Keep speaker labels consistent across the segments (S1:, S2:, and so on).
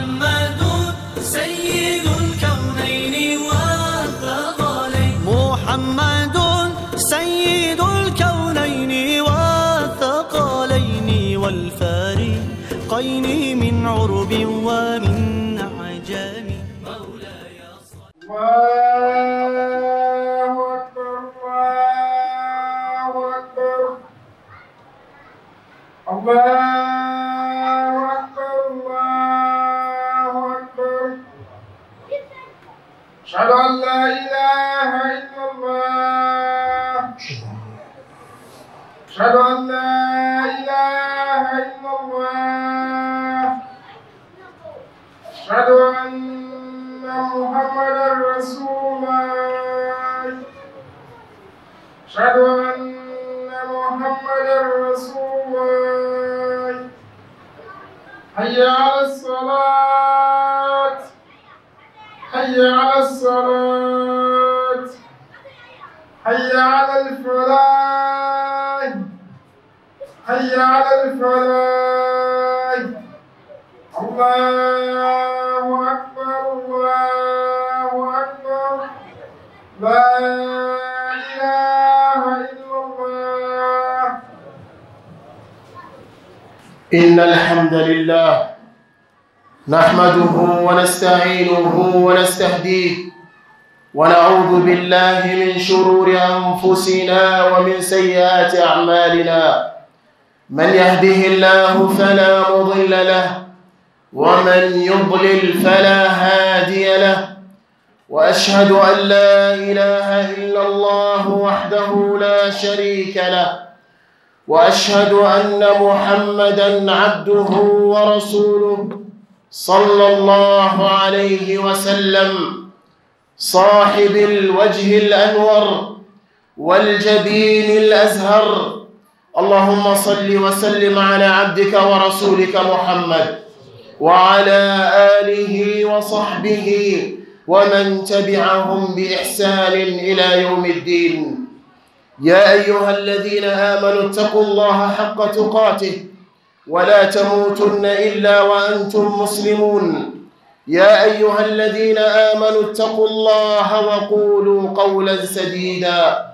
S1: محمد سيد الكونين والثقلين محمد سيد الكونين والثقلين والفارقين من عرب ومن عجم مولاي صلى الله أشهد أن لا إله إلا الله أشهد أن لا إله إلا الله أشهد أن محمدا رسول الله أشهد أن محمدا رسول الله حي على الصلاة حي على الصلاة حي على الفلاح حي على الفلاح الله أكبر الله أكبر لا إله إلا الله
S2: إن الحمد لله نحمده ونستعينه ونستهديه ونعوذ بالله من شرور أنفسنا ومن سيئات أعمالنا من يهده الله فلا مضل له ومن يضلل فلا هادي له وأشهد أن لا إله إلا الله وحده لا شريك له وأشهد أن محمدًا عبده ورسوله صلى الله عليه وسلم صاحب الوجه الأنور والجبين الأزهر اللهم صل وسلم على عبدك ورسولك محمد وعلى آله وصحبه ومن تبعهم بإحسان إلى يوم الدين يا أيها الذين آمنوا اتقوا الله حق تقاته ولا تموتن إلا وأنتم مسلمون يا أيها الذين آمنوا اتقوا الله وقولوا قولا سديدا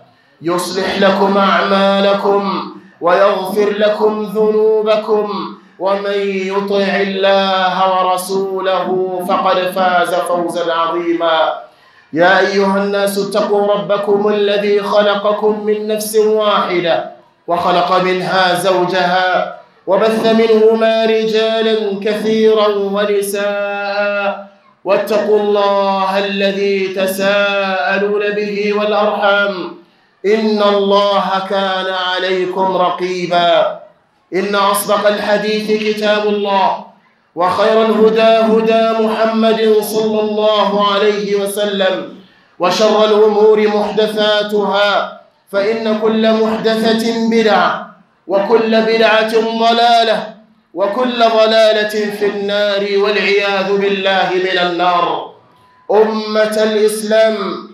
S2: يصلح لكم أعمالكم ويغفر لكم ذنوبكم ومن يطع الله ورسوله فقد فاز فوزا عظيما يا أيها الناس اتقوا ربكم الذي خلقكم من نفس واحدة وخلق منها زوجها وبث منهما رجالا كثيرا ونساء واتقوا الله الذي تساءلون به والأرحام إن الله كان عليكم رقيبا إن أصدق الحديث كتاب الله وخير الهدى هدى محمد صلى الله عليه وسلم وشر الأمور محدثاتها فإن كل محدثة بدعة وكل بدعة ضلالة وكل ضلالة في النار والعياذ بالله من النار أمة الإسلام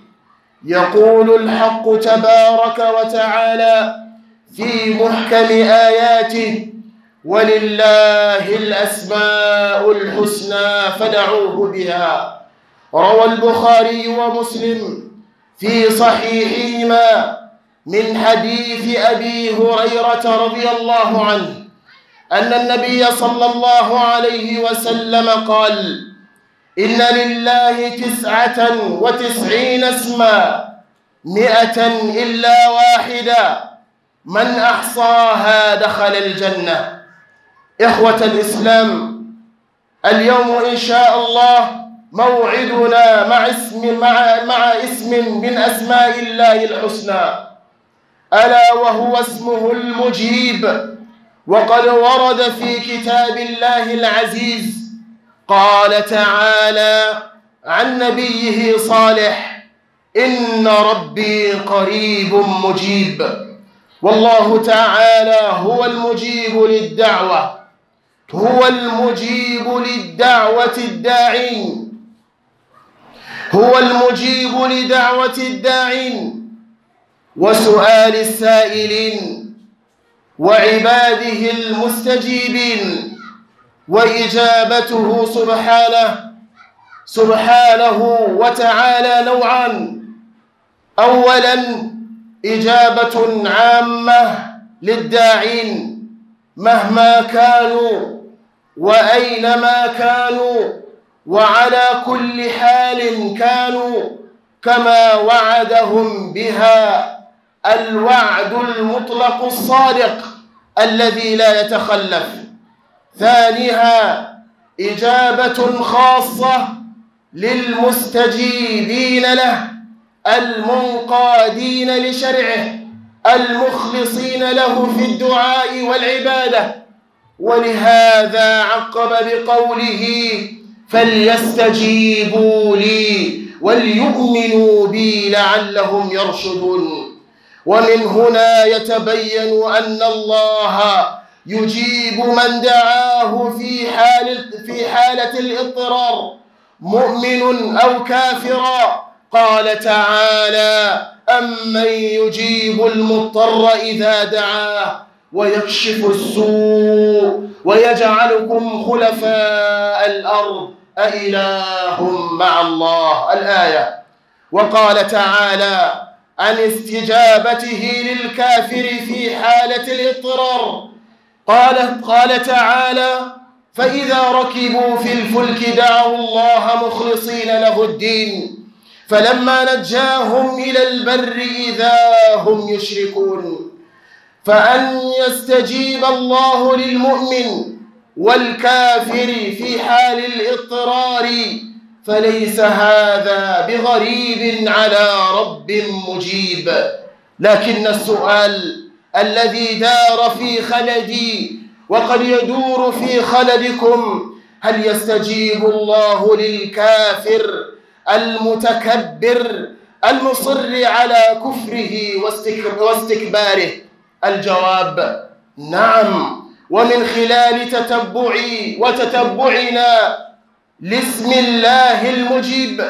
S2: يقول الحق تبارك وتعالى في محكم آياته ولله الأسماء الحسنى فدعوه بها روى البخاري ومسلم في صحيحهما من حديث أبي هريرة رضي الله عنه أن النبي صلى الله عليه وسلم قال إن لله تسعة وتسعين اسما مئة إلا واحدة من أحصاها دخل الجنة إخوة الإسلام اليوم إن شاء الله موعدنا مع اسم, مع, مع اسم من أسماء الله الحسنى ألا وهو اسمه المجيب وقد ورد في كتاب الله العزيز قال تعالى عن نبيه صالح إن ربي قريب مجيب والله تعالى هو المجيب للدعوة هو المجيب للدعوة الداعين هو المجيب لدعوة الداعين وسؤال السائلين وعباده المستجيبين وإجابته سبحانه سبحانه وتعالى نوعا أولا إجابة عامة للداعين مهما كانوا وأينما كانوا وعلى كل حال كانوا كما وعدهم بها الوعد المطلق الصادق الذي لا يتخلف ثانيها إجابة خاصة للمستجيبين له المنقادين لشرعه المخلصين له في الدعاء والعبادة ولهذا عقب بقوله فليستجيبوا لي وليؤمنوا بي لعلهم يرشدون ومن هنا يتبين أن الله يجيب من دعاه في حال في حالة الاضطرار مؤمن أو كافرا قال تعالى أمن يجيب المضطر إذا دعاه ويكشف السوء ويجعلكم خلفاء الأرض أإله مع الله الآية وقال تعالى عن استجابته للكافر في حالة الاضطرار قال قال تعالى فإذا ركبوا في الفلك دعوا الله مخلصين له الدين فلما نجاهم إلى البر إذا هم يشركون فأن يستجيب الله للمؤمن والكافر في حال الاضطرار فليس هذا بغريب على رب مجيب لكن السؤال الذي دار في خلدي وقد يدور في خلدكم هل يستجيب الله للكافر المتكبر المصر على كفره واستكباره الجواب نعم ومن خلال تتبعي وتتبعنا لاسم الله المجيب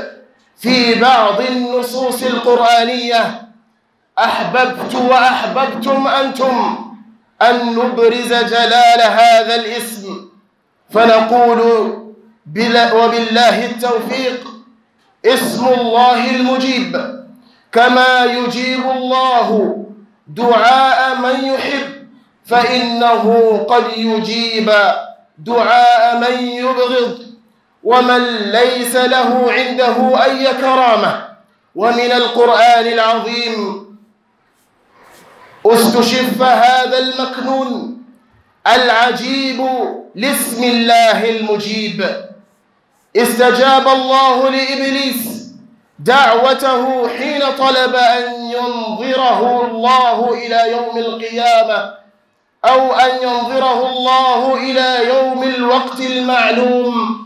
S2: في بعض النصوص القرآنية أحببت وأحببتم أنتم أن نبرز جلال هذا الاسم فنقول وبالله التوفيق اسم الله المجيب كما يجيب الله دعاء من يحب فإنه قد يجيب دعاء من يبغض ومن ليس له عنده أي كرامة ومن القرآن العظيم استشف هذا المكنون العجيب لاسم الله المجيب استجاب الله لإبليس دعوته حين طلب أن ينظره الله إلى يوم القيامة أو أن ينظره الله إلى يوم الوقت المعلوم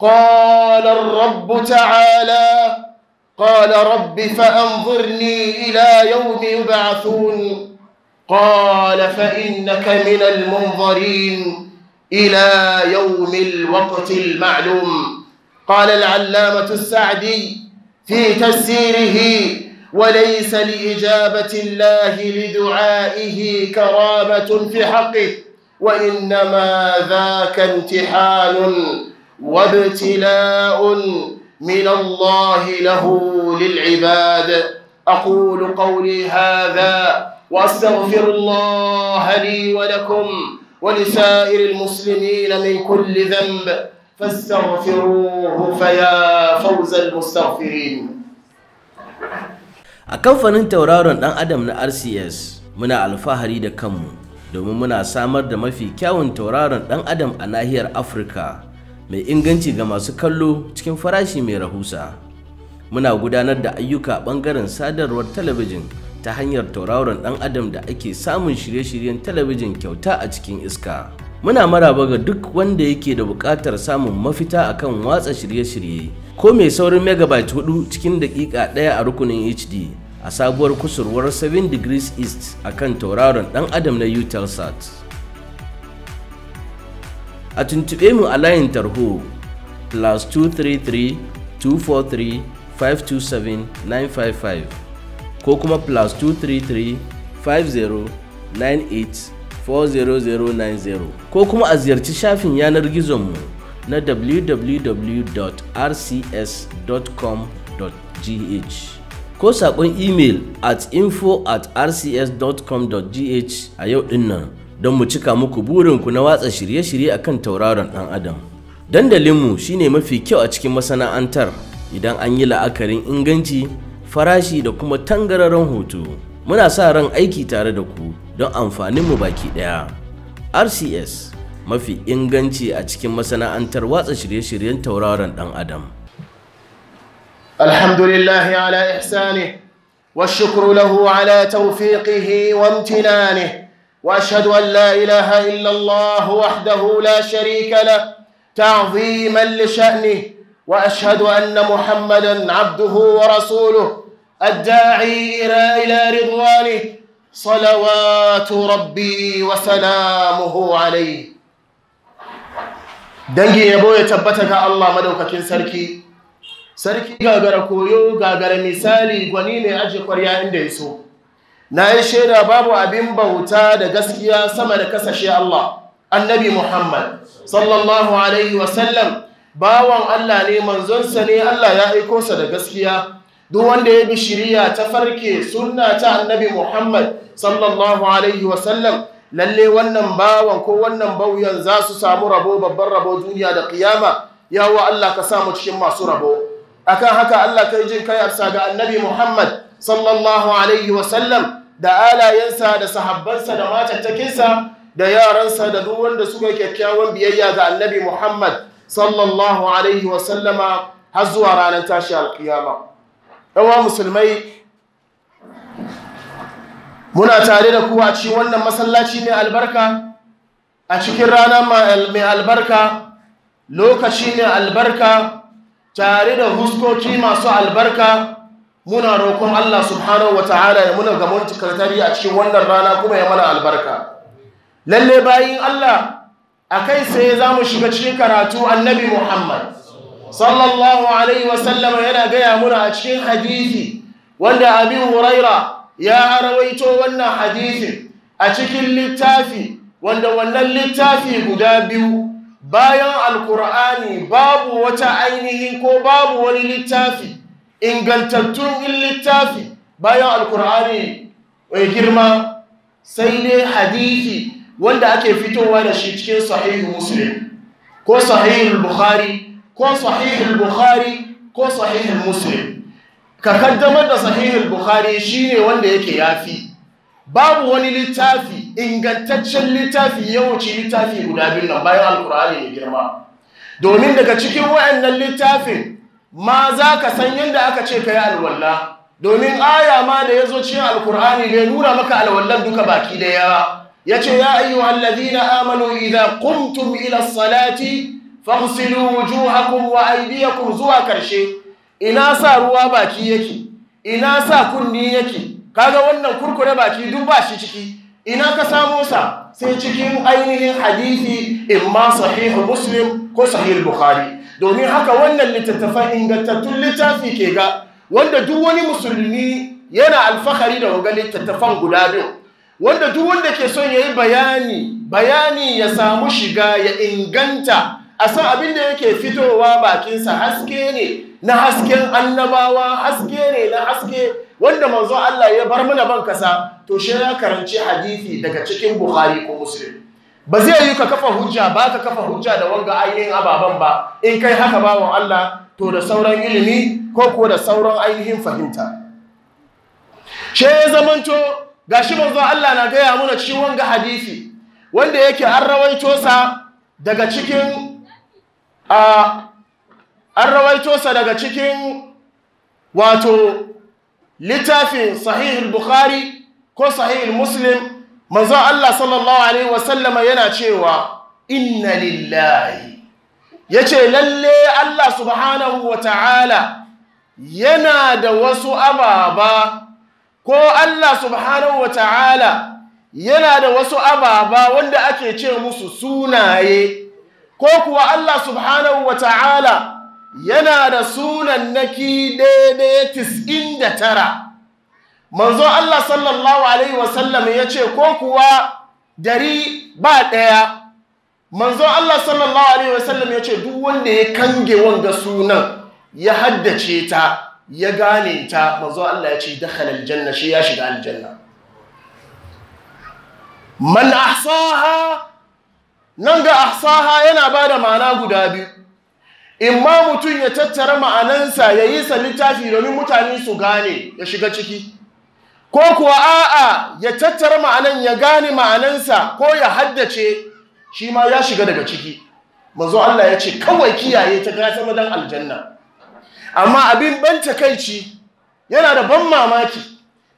S2: قال الرب تعالى قال رب فأنظرني إلى يوم يبعثون قال فإنك من المنظرين إلى يوم الوقت المعلوم قال العلامة السعدي في تفسيره وليس لإجابة الله لدعائه كرامة في حقه وإنما ذاك امتحان وابتلاء من الله له للعباد أقول قولي هذا وأستغفر الله لي ولكم ولسائر المسلمين من كل ذنب فاستغفروه فيا فوز المستغفرين
S3: a kamfanin tauraron dan adam na rcs muna alfahari da kanmu domin muna samar da mafi kyawun tauraron dan adam a nahiyar afirka mai inganci ga masu kallo cikin farashi mai rahusa muna gudanar da ayyuka bangaren sadarwar talabijin ta hanyar tauraron dan adam da ake samun shirye-shiryen talabijin kyauta a cikin iska muna maraba ga duk wanda yake da buƙatar samun mafita akan watsa shirye-shirye ko mai saurin megabyte hudu cikin daƙiƙa ɗaya a rukunin hd a sabuwar kusurwar 7 degrees east akan tauraron dan adam na utelsat a tuntuɓe mu a layin tarho plus 233-243-527-955 ko kuma plus 233-5098-40090 ko kuma a ziyarci shafin yanar gizonmu na www.rcs.com.gh ko saƙon imel at info at rcs.com.gh a yau ɗin nan don mu cika muku burinku na watsa shirye-shirye akan tauraron ɗan adam dandalinmu shine mafi kyau a cikin masana'antar idan an yi la'akarin inganci farashi da kuma tangararren hoto muna sa ran aiki tare da ku don amfaninmu baki ɗaya rcs mafi inganci a cikin masana'antar watsa shirye-shiryen tauraron ɗan adam
S2: alhamdulillahi ala ihsani lahu ala على wa amtinani واشهد ان لا اله الا الله وحده لا شريك له تعظيما لشانه واشهد ان محمدا عبده ورسوله الداعي الى رضوانه صلوات ربي وسلامه عليه dangin yabo ya tabbata ga Allah madaukakin sarki sarki gagara koyo gagara misali gwani ne aje kwarya inda ya na yi shaida babu abin bauta da gaskiya sama da kasashe Allah annabi Muhammad sallallahu alaihi wasallam bawan Allah ne manzonsa ne Allah ya aiko sa da gaskiya duk wanda ya bi shiriya ta farke sunna ta annabi Muhammad sallallahu alaihi wasallam lalle wannan bawan ko wannan bauyan za su samu rabo babban rabo duniya da kiyama yawo Allah ka samu cikin masu rabo akan haka Allah ka yi jin kai a ga annabi Muhammad sallallahu alaihi wasallam da alayensa da sahabbansa da matattakinsa da yaransa da duk wanda suka kyakkyawan biyayya ga annabi Muhammad sallallahu alaihi wasallama har zuwa ranar tashi alkiyama. Yawa musulmai muna tare da kuwa ci wannan masallaci mai albarka a cikin rana mai albarka lokaci mai albarka tare da huskoki masu albarka muna rokon Allah subhanahu wa ta'ala ya muna gamon cikartari a cikin wannan rana kuma ya mana albarka lalle bayin Allah a kai sai za mu shiga cikin karatu annabi Muhammad sallallahu alaihi wasallam yana gaya muna a cikin hadithi wanda abin huraira ya rawaito wannan hadithin a cikin littafi wanda wannan littafi guda biyu bayan alkur'ani babu wata ainihi ko babu wani littafi ingantattun littafi bayan alkur'ani mai girma sai ne hadithi wanda ake fitowa da shi cikin sahihu muslim ko sahihul bukhari ko sahihul bukhari ko sahihul muslim ka kaddamar da sahihul bukhari shine wanda yake yafi babu wani littafi ingantaccen littafi yawanci littafi guda biyu nan bayan alkur'ani mai girma domin daga cikin wa'annan littafin ma za ka san yadda aka ce ka yi alwallah domin aya ma da ya zo cikin alkur'ani ne nuna maka alwallah duka baki da yawa. ya ce ya allazi na Amalu idan kumtum ila salati faghsilu hakun wa aibiyakun zuwa karshe ina sa ruwa baki yake ina sa kunni yake kaga wannan kurkure baki duk ba shi ciki ina ka samo sa sai cikin ainihin hadisi imma sahih muslim ko sahih bukhari domin haka wannan littattafan ingantattun littafi ke ga wanda duk wani musulmi yana alfahari da waga littattafan guda biyu wanda duk wanda ke son yayi bayani bayani ya samu shiga ya inganta a san abin da yake fitowa bakinsa haske ne na hasken annabawa haske ne na haske wanda manzo Allah ya bar mana ban kasa to shi ya karanci hadisi daga cikin Bukhari ko Muslim ba zai yi ka kafa hujja ba ka kafa hujja da wanga ainihin ababen ba in kai haka wa Allah to da sauran ilimi ko ko da sauran ainihin fahimta she zamanto ga shi manzo Allah na gaya muna ci wanga hadisi wanda yake an rawaito sa daga cikin a an rawaito sa daga cikin wato littafin sahihul bukhari ko sahihul muslim manzo Allah sallallahu alaihi sallama yana cewa inna lillahi yace lalle Allah subhanahu ta'ala yana da wasu ababa ko Allah subhanahu ta'ala yana da wasu ababa wanda ake ce musu sunaye ko kuwa Allah subhanahu ta'ala yana da sunan naki daidai 99 manzo Allah sallallahu alaihi wasallam ya ce ko kuwa dari ba ɗaya manzo Allah sallallahu alaihi wasallam ya ce duk wanda ya kange wanga sunan ya haddace ta ya gane ta manzo Allah ya ce dakhala aljanna shi ya shiga aljanna man ahsaha nan ga ahsaha yana bada ma'ana guda biyu imma mutum ya tattara ma'anansa ya yi sa littafi domin mutane su gane ya shiga ciki ko kuwa a'a ya tattara ma'anan ya gane ma'anansa ko ya haddace shi ma ya shiga daga ciki mazo Allah ya ce kawai kiyaye ta gasa madan aljanna amma abin ban takaici, yana da ban mamaki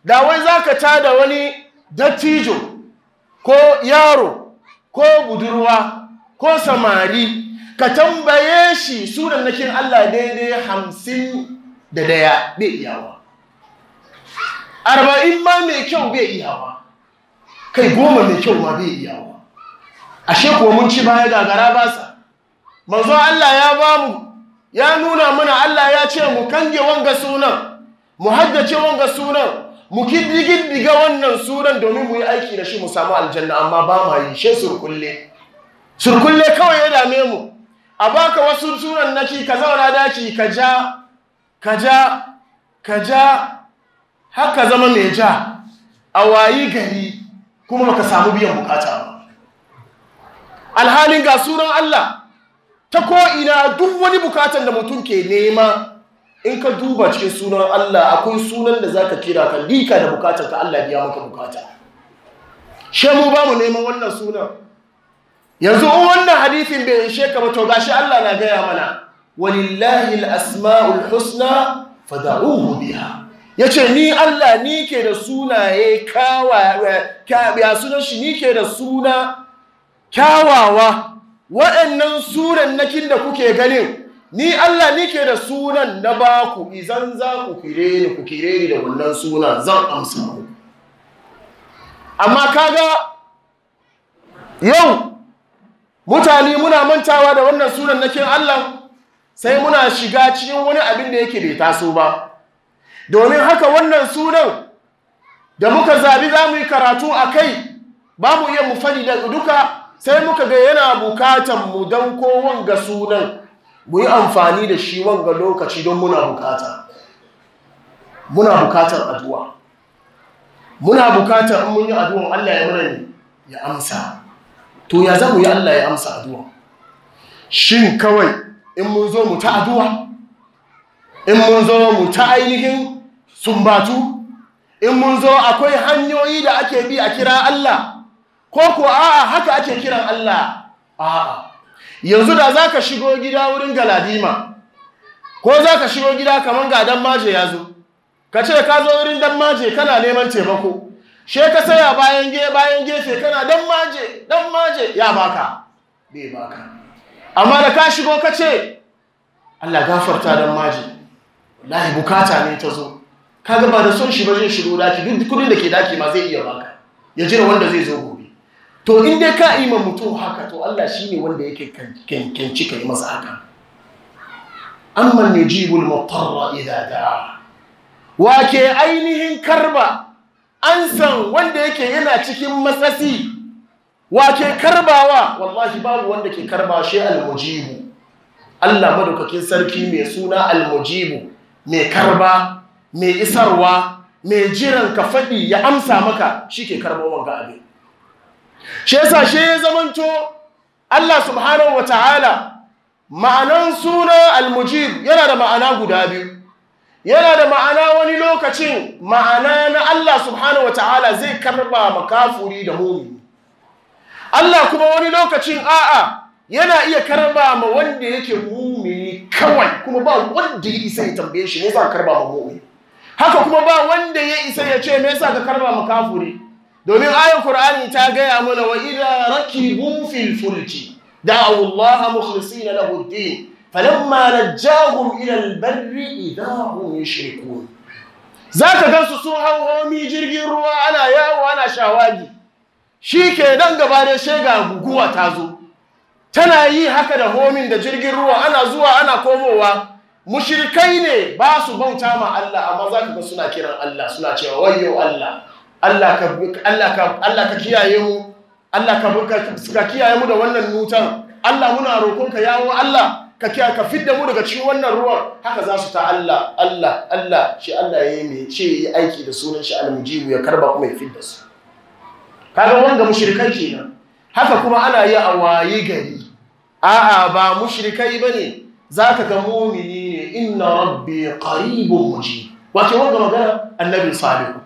S2: da wai za zaka da wani dattijo ko yaro ko budurwa ko samari ka tambaye shi sunan nakin Allah daidai hamsin da daya bai iyawa arba'in ma mai kyau bai iyawa kai goma mai kyau ma bai iyawa ashe kuwa mun ci baya gagara ba sa manzo Allah ya ba mu ya nuna mana Allah ya ce mu kange wanga sunan mu haddace wanga sunan mu kiddigiddiga wannan sunan domin mu yi aiki da shi mu samu aljanna amma ba ma yi she surkulle surkulle kawai ya dame mu a baka wasu sunan naki ka zauna daki ka ja ka ja ka ja haka zama mai ja a wayi gari kuma maka samu biyan bukata ba alhalin ga sunan Allah ta ko'ina duk wani bukatan da mutum ke nema in ka duba cikin sunan Allah akwai sunan da za ka kira ka lika da bukatan ta Allah biya maka bukata mu ba mu neman wannan sunan yanzu in wannan hadithin bai ishe ka ba to gashi Allah na gaya mana walillahi al-asma'ul husna fad'uhu biha ya ce ni Allah ni ke da sunaye eh, ya sunan shi ni ke da suna kyawawa waɗannan sunan kin da kuke ganin ni Allah ni ke da sunan na ba ku! izan za ku kire ni ku kire ni da wannan suna zan amsa ku amma kaga yau mutane muna mantawa da wannan sunan na kin Allah sai muna shiga cikin wani abin da yake bai taso ba domin haka wannan sunan da muka zabi za mu yi karatu a kai ba mu iya mu da duka sai muka ga yana bukatan mu don ko wanga sunan mu yi amfani da shi wanga lokaci don muna bukata muna bukatar addu'a muna bukatar mun yi addu'an Allah ya murani ya amsa
S4: to ya zamu yi Allah
S2: ya amsa addu'a shin kawai in mun zo mu ta addu'a in mun zo mu ta ainihin sumbatu in mun zo akwai hanyoyi da ake bi a kira Allah ko ko a'a haka ake kiran Allah a'a yanzu da zaka shigo gida wurin galadima ko zaka shigo gida kaman ga dan maje yazo ka ce ka zo wurin dan maje kana neman taimako she ka saya bayan ge bayan gefe kana dan maje dan maje ya baka bai baka amma da ka shigo ka ce Allah gafarta dan maje wallahi bukata ne ta zo kaga ba da son shi ba zai shigo daki duk kudin da ke daki ma zai iya baka ya jira wanda zai zo gobe to in dai ka yi mutum haka to Allah shi ne wanda yake kyanci ka yi masa haka amman yujibul mutarra idza da'a wa ke ainihin karba an san wanda yake yana cikin matsasi wa ke karbawa wallahi babu wanda ke karba shi almujibu Allah madaukakin sarki mai suna almujibu mai karba mai isarwa mai jiran ka faɗi ya amsa maka shi ke karɓar wanga abin shi yasa shi ya zamanto Allah subhanahu wa ta'ala ma'anan suna al-mujib yana da ma'ana guda biyu yana da ma'ana wani lokacin ma'ana na Allah subhanahu wa ta'ala zai karba makafuri da muni Allah kuma wani lokacin a'a yana iya karba ma wanda yake mumini kawai kuma ba wanda ya isa ya tambaye shi ne za karba ma mumini haka kuma ba wanda ya isa ya ce me yasa ka karba makafuri domin ayar Qur'ani ta gaya mana wa idza rakibu fil fulki da'u Allah mukhlisina lahu ad-din falamma najahum ila al-barri idza hum yushrikun zaka gansu sun hauhomi jirgin ruwa ana yawo ana shawagi nan gaba da shega guguwa ta zo tana yi haka da homin da jirgin ruwa ana zuwa ana komowa Mushirikai ne ba su bauta ma Allah amma za ka suna kiran Allah suna cewa wayo Allah Allah ka kiyaye mu Allah ka ka kiyaye mu da wannan nutan Allah muna ka yawo Allah ka kiya ka fidda mu daga cikin wannan ruwan haka za su ta Allah Allah Allah shi Allah yayi mai ce yi aiki da sunan shi almujibu ya karba kuma ya fidda su kaga wanda mushrikai kenan haka kuma ana yi a waye gari a'a ba mushrikai bane zaka ga mu'mini inna rabbi qaribun muji wato wanda magana annabi salihu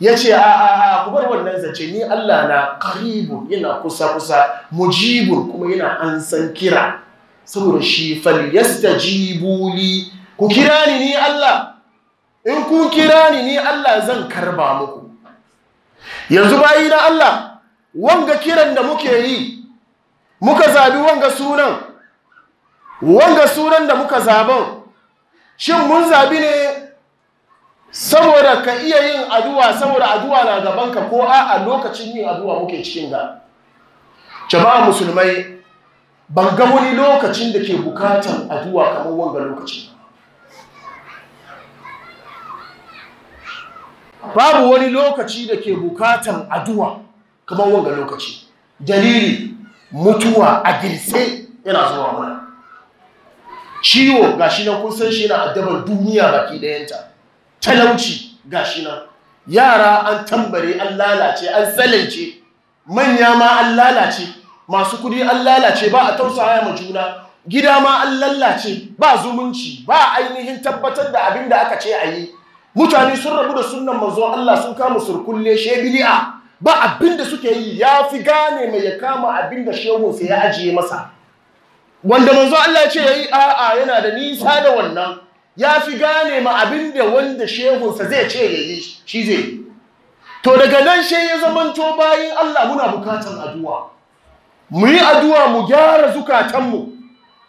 S2: yace a a a ku bar wannan zance ni Allah na qaribun ina kusa kusa mujibun kuma yana an san kira saboda shi fal yastajibu li ku kira ni ni Allah in ku kira ni ni Allah zan karba muku yanzu bayi na Allah wanga kiran da muke yi muka zabi wanga sunan wanga sunan da muka zaban shin mun zabi ne saboda ka iya yin addu'a saboda addu'a na gaban ka? ko a a lokacin yin addu'a muke cikin ga jama'a musulmai ban ga wani lokacin da ke bukatan addu'a kamar wanga lokaci babu wani lokaci da ke bukatan addu'a kamar wanga lokaci dalili mutuwa a girse yana zuwa mana ciwo gashi nan kun san shi na addabar duniya baki ɗayanta talauci shi na yara an tambare an lalace an tsalance manya ma an lalace masu kudi an lalace ba a tausaya ma juna gida ma an lalace ba zumunci ba ainihin tabbatar da abin da aka ce a yi mutane sun rabu da sunan manzon Allah sun kama surkulle shebili'a ba abin da suke yi ya fi gane mai ya kama abin da sai ya ajiye masa wanda manzo Allah ce yayi a'a yana da nisa da wannan ya fi gane ma abin da wanda shehunsa zai ce yayi shi zai to daga nan she ya zamanto bayin Allah muna bukatan addu'a mu yi addu'a mu gyara zukatanmu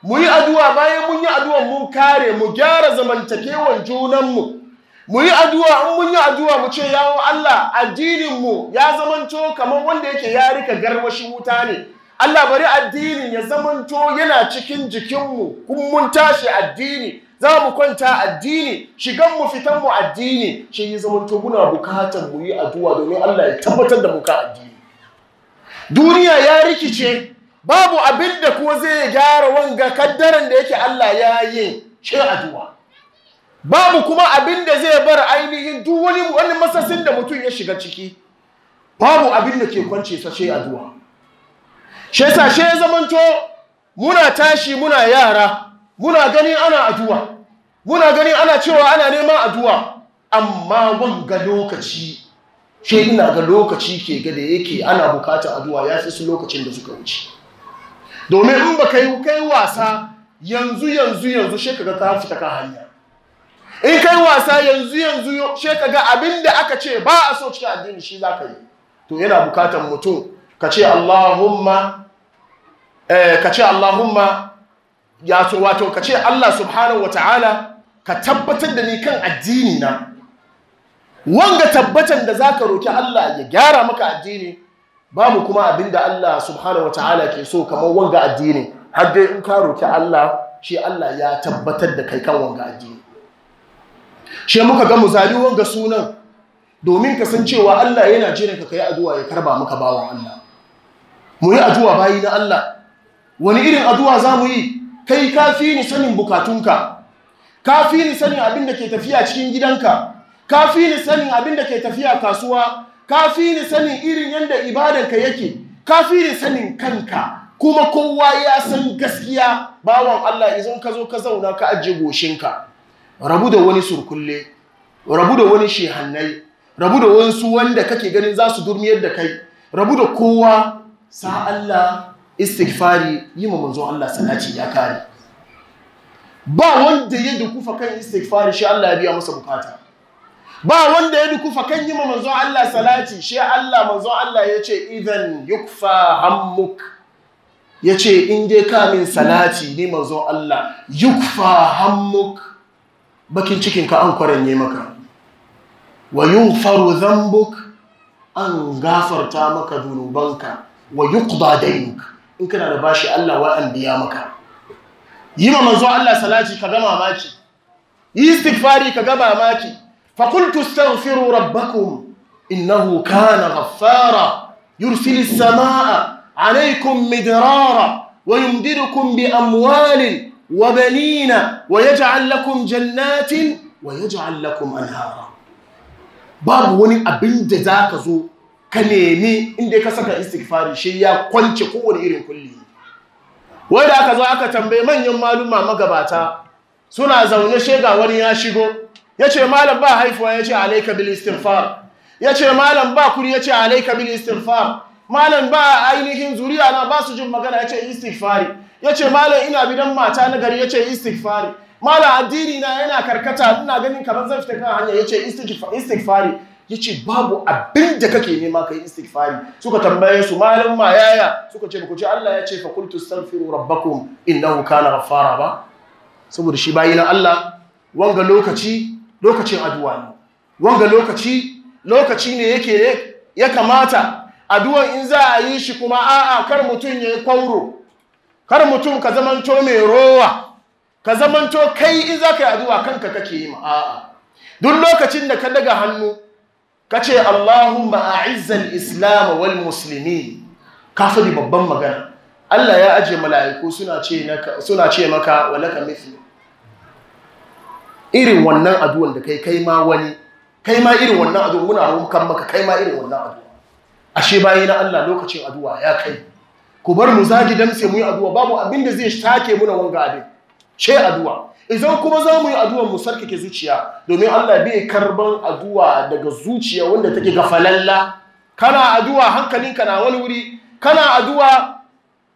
S2: mu yi addu'a bayan mun yi addu'a mun kare mu gyara zamantakewan junanmu mu yi addu'a in mun yi addu'a mu ce yawo Allah addininmu ya zamanto kamar wanda yake ya rika garwashin wuta ne Allah bari addinin ya zamanto yana cikin jikinmu kun mun tashi addini za mu kwanta addini shiganmu fitanmu addini shi yi zamanto muna bukatar mu yi addu'a domin Allah ya tabbatar da muka addini duniya ya rikice babu abin da ko zai gyara wanga kaddaran da yake Allah ya yi shi addu'a babu kuma abin da zai bar ainihin duk wani wani masasin da mutum ya shiga ciki babu abin da ke kwance sa shi addu'a shi yasa shi ya zamanto muna tashi muna yara muna ganin ana addu'a muna ganin ana cewa ana neman addu'a amma wanga lokaci shi ina ga lokaci ke ga da yake ana bukata addu'a ya fi su lokacin da suka wuce domin in ba kai kai wasa yanzu yanzu yanzu shi kaga ta fita ka hanya in kai wasa yanzu yanzu shi kaga abinda aka ce ba a so cikin addini shi zaka yi to yana bukatan mutum ka ce Allahumma Eh, ka ce Allahumma ya so wato ka ce Allah subhanahu ta'ala ka tabbatar da ni kan addini na wanga tabbatar da za ka roki Allah ya gyara maka addini babu kuma abin da Allah subhanahu ta'ala ke so kamar wanga addini har dai in ka roki Allah shi Allah ya tabbatar da kai kan wanga addini she muka ga muzali wanga sunan domin ka san cewa Allah yana jiran ka kai addu'a ya karba maka bawan Allah mu yi addu'a bayi na Allah wani irin addu'a za mu yi kai ka fi ni sanin bukatunka ka fi ni sanin abin da ke tafiya cikin gidanka ka fi ni sanin abin da ke tafiya kasuwa ka fi ni sanin irin yadda ibadanka yake ka fi ni sanin kanka kuma kowa ya san gaskiya bawan Allah idan ka zo ka zauna ka ajiye goshinka rabu da wani surkulle rabu da wani shehannai rabu da wasu wanda kake ganin za su durmiyar da kai rabu da kowa sa Allah istighfari yi ma manzo Allah salati ya kare ba wanda ya dukufa kan istighfari shi Allah ya biya masa bukata ba wanda ya dukufa kan yi ma manzo Allah salati shi Allah manzo Allah ya ce idan yukfa hammuk ya ce in dai ka min salati ni manzo Allah yukfa hammuk bakin cikin ka an kwaranye maka wa yunfaru dhanbuk an gafarta maka durubanka wa yuqda daynuk in kana da bashi Allah wa an maka yi ma manzo Allah salati ka gama maki yi istighfari ka gama maki fa qultu astaghfiru rabbakum innahu kana ghaffara yursilis samaa alaykum midrara wa yumdidukum bi amwalin wa banina wa yaj'al lakum jannatin wa yaj'al lakum anhara babu wani abin da zaka zo ka nemi inda ka saka istighfari shi ya kwance kowane irin kulli wai da aka zo aka tambaye manyan maluma magabata suna zaune shega wani ya shigo ya ce malam ba haifuwa ya ce alaika bil istighfar ya ce malam ba kuri ya ce alaika bil istighfar malam ba ainihin zuriya na ba su jin magana ya ce istighfari ya ce malam ina bidan mata na gari ya ce istighfari malam addini na yana karkata ina ganin kamar zan fita kan hanya ya ce istighfari yace babu abin da kake nema ka yi istighfari suka tambaye su malam ma yaya suka ce ku ce Allah ya ce fa qultu astaghfiru rabbakum innahu kana ghaffara ba saboda shi bayin Allah wanga lokaci lokacin addu'a ne wanga lokaci lokaci ne yake ya kamata addu'an in za a yi shi kuma a'a kar mutun yayi kwauro kar mutum ka zamanto mai rowa ka zamanto kai in za ka yi addu'a kanka kake yi ma a'a duk lokacin da ka daga hannu Ka ce Allahumma a'izzal islam wal Musulmi. ka fadi babban magana Allah ya aje mala'iku suna ce maka suna ka mafi. irin wannan aduwan da kai kai ma wani kai ma irin wannan aduwan muna roƙon maka kai ma irin wannan aduwa. ashe bayi na Allah lokacin aduwa ya kai ku bar mu zagi damse mu yi aduwa babu abin da zai take muna wanga abin she aduwa. idan kuma za mu yi addu’ar mu sarkake zuciya domin Allah bai karban addu'a daga zuciya wanda take gafalalla kana addu'a hankalinka na wani wuri kana addu'a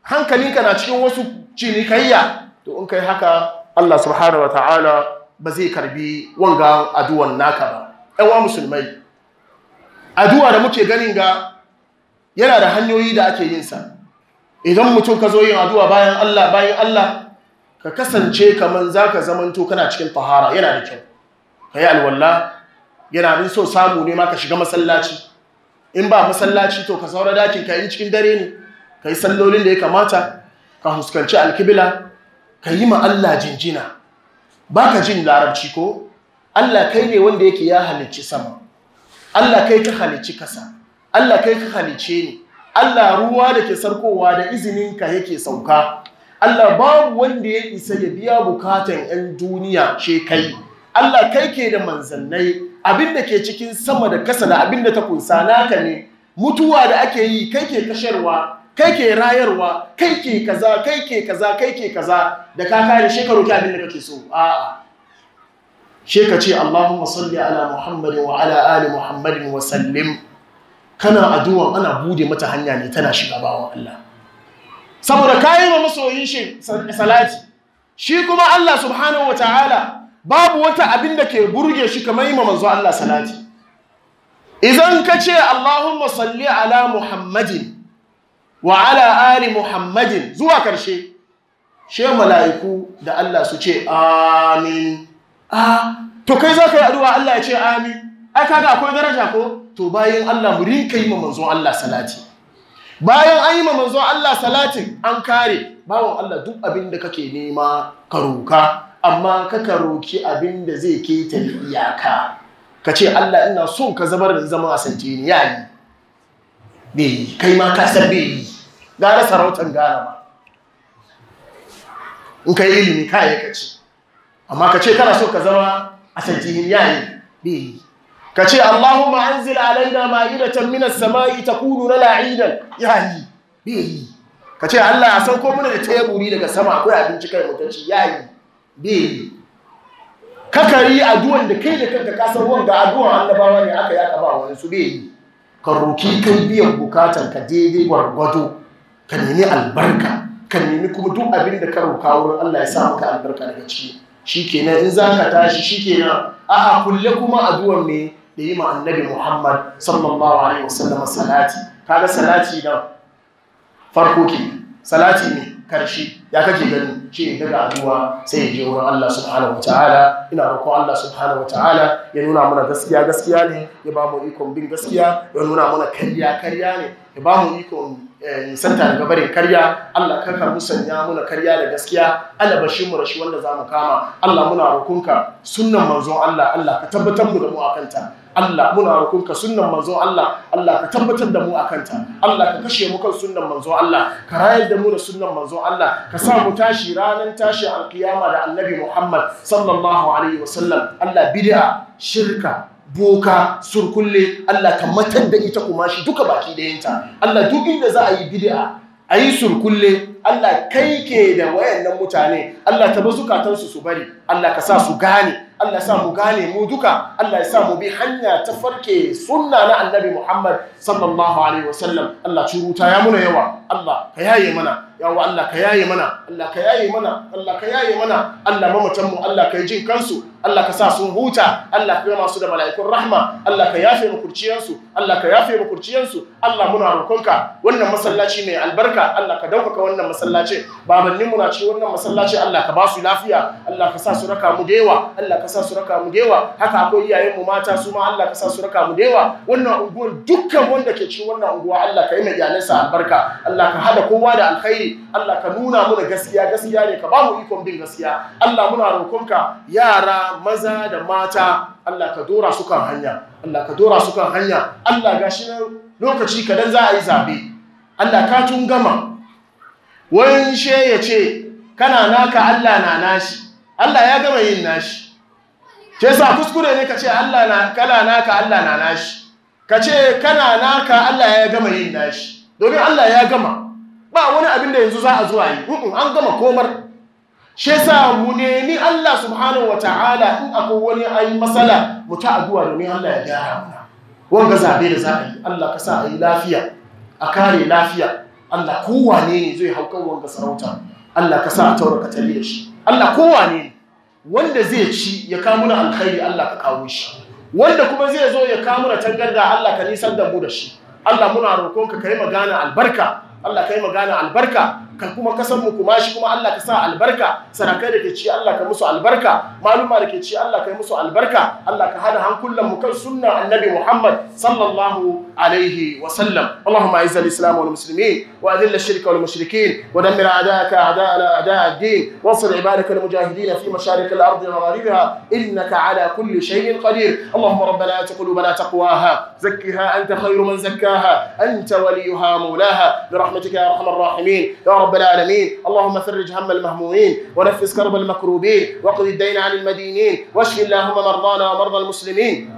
S2: hankalinka na cikin wasu cinikayya to in kai haka Allah subhanahu ta'ala ba zai karbi wanga addu'an naka ba ɗan musulmai addu'a da muke ganin ga yana da hanyoyi da ake yin sa idan mutum ka zo yin addu'a bayan Allah bayan Allah ka kasance kaman ka zamanto kana cikin fahara. yana da kyau Ka yi alwala yana bin so samu ne ma ka shiga masallaci in ba masallaci to ka saura dakin ka yi cikin dare ne Ka yi sallolin da ya kamata ka huskanci alkibila ka yi ma Allah jinjina ka jin larabci ko Allah kai ne wanda yake ya halicci sama Allah kai ka halicci kasa Allah kai ka halicce ni Allah ruwa da ke sarkowa da izinin ka yake sauka Allah babu wanda ya isa ya biya bukatan 'yan duniya ce kai Allah kai ke da manzannai abinda ke cikin sama da kasa da abinda ta kunsa naka ne mutuwa da ake yi kai ke kasharwa kai ke rayarwa kai ke kaza kai ke kaza kai ke kaza da ka kare shekaru ki abinda kake so a'a sheka ce Allahumma salli ala Muhammadu wa ala ali Muhammadu wa sallim kana addu'a ana bude mata hanya ne tana shiga bawa Allah saboda kayi wa masoyin shi salati shi kuma Allah subhanahu ta'ala babu wata abin da ke burge shi kamar yi ma manzo Allah salati idan ka ce Allahumma salli ala Muhammadin wa ala ali Muhammadin zuwa karshe shi mala'iku da Allah su ce amin to kai za ka yi aduwa Allah ya ce amin ai kaga akwai daraja ko to bayan Allah mu rinka yi ma manzo Allah salati bayan an yi ma manzo Allah salatin an kare bawon Allah duk abin da kake nema ka roka amma ka ka roki abin da zai ta iyaka ka ce Allah ina son ka zamar da zama a sance ni yayi bai kai ma ka san bai gara sarautan gara ma in ka yi ilimi ka ka ci amma ka ce kana so ka zama a sance ni yayi bai ka ce Allahumma anzil alaina ma'idatan minas sama'i ta kuru na Laidan. Ya yi. ka ce Allah a sauko muna da teburi daga sama akwai abinci kai mutunci ya yi. kakari aduwan da kai da kanka kasar ga aduwan annabawa ne aka yaka ba wani su yi. ka roki kai biyan bukatan ka daidai gwargwado ka nemi albarka ka nemi kuma duk abin da ka roka wurin Allah ya sa maka albarka daga ciki shikenan in za ka tashi shikenan a'a kulle kuma aduwan ne. da yi ma annabi Muhammad sallallahu alaihi wasallam salati kaga salati da farko ke salati ne karshe ya kake gani ce daga addu'a sai ya je wurin Allah subhanahu wataala ina roƙon Allah subhanahu wataala ya nuna mana gaskiya gaskiya ne ya ba mu ikon bin gaskiya ya nuna mana karya karya ne ya ba mu ikon eh, santa daga barin karya Allah ka karbi sanya muna karya da gaskiya Allah bashi mu rashi wanda za mu kama Allah muna rukunka, sunnan manzon Allah Allah ka tabbatar mu da mu akanta Allah muna rukunka sunnan manzo Allah Allah ka tabbatar da mu akan ta Allah ka kashe mu kan sunnan manzo Allah ka rayar da mu da sunnan manzo Allah ka sa mu tashi ranan tashi alkiyama da Annabi Muhammad sallallahu alaihi wasallam Allah bid'a shirka boka surkulle Allah ka matar da ita kuma shi duka baki dayanta Allah duk inda za a yi bid'a a yi
S5: surkulle
S2: Allah kai ke da wayannan mutane Allah ta bazukatansu su bari Allah ka sa su gane Allah sa mu gane mu duka Allah sa mu bi hanya ta farke sunna na annabi Muhammad sallallahu alaihi wasallam Allah curuta ya muna yawa Allah ka yaye mana yawa Allah ka yaye mana Allah ka yaye mana Allah ka yaye mana Allah mamatan mu Allah ka yi jin kansu Allah ka sa sun huta Allah ka yana su da mala'ikun rahma Allah ka yafe mu kurciyansu Allah ka yafe mu kurciyansu Allah muna roƙonka wannan masallaci mai albarka Allah ka daukaka wannan masallaci babannin muna na ci wannan masallaci Allah ka ba su lafiya Allah ka sa su raka mu dewa Allah ka sa su raka mu dewa haka akwai iyayen mu mata su ma Allah ka sa su raka mu dewa wannan unguwar dukkan wanda ke ci wannan unguwa Allah ka yi mai iyalansa albarka Allah ka hada kowa da alkhairi Allah ka nuna mana gaskiya gaskiya ne ka ba mu ikon bin gaskiya Allah muna roƙonka yara maza da mata Allah ka dora su kan hanya Allah ka dora su kan hanya Allah gashi nan lokaci kadan za a yi zabe Allah ka tun gama wani she ya ce kana naka Allah na nashi Allah ya gama yin nashi ce sa kuskure ne ka ce Allah na kana naka Allah na nashi ka ce kana naka Allah ya gama yin nashi domin Allah ya gama ba wani abin da yanzu za a zuwa yi an gama komar shi yasa mu nemi Allah subhanahu wataala in akwai wani ayi masala mu ta addu'a domin Allah ya gyara mana wanga zabe da za a yi Allah ka sa a yi lafiya a kare lafiya Allah kowa ne zai hau kan wanga sarauta Allah ka sa a taura ka tare shi Allah kowa ne wanda zai ci ya kawo mana alkhairi Allah ka kawo shi wanda kuma zai zo ya kawo mana tangarda Allah ka nisan da mu da shi Allah muna ka kai magana albarka Allah kai magana albarka kuma kasan mu kuma shi kuma Allah ka sa albarka sarakai da ke ci Allah ka musu albarka maluma da ke ci Allah ka musu albarka Allah ka hada hankulan mu kan sunnar annabi Muhammad sallallahu alaihi wa sallam Allahumma izzil islam wal muslimin wa adhil ash shirk wal mushrikeen wa dammir a'daaka a'daa a'daa ad-din wa wansur ibadaka al-mujahideen fi masharik al-ard wa magharibiha innaka ala kulli shay'in qadir Allahumma rabbana la taqulubana taqwaha zakkaha anta khayru man zakkaha anta waliyuha mawlaha bi rahmatika ya arhamar rahimin ya رب العالمين اللهم فرج هم المهمومين ونفس كرب المكروبين واقض الدين عن المدينين واشف اللهم مرضانا ومرضى المسلمين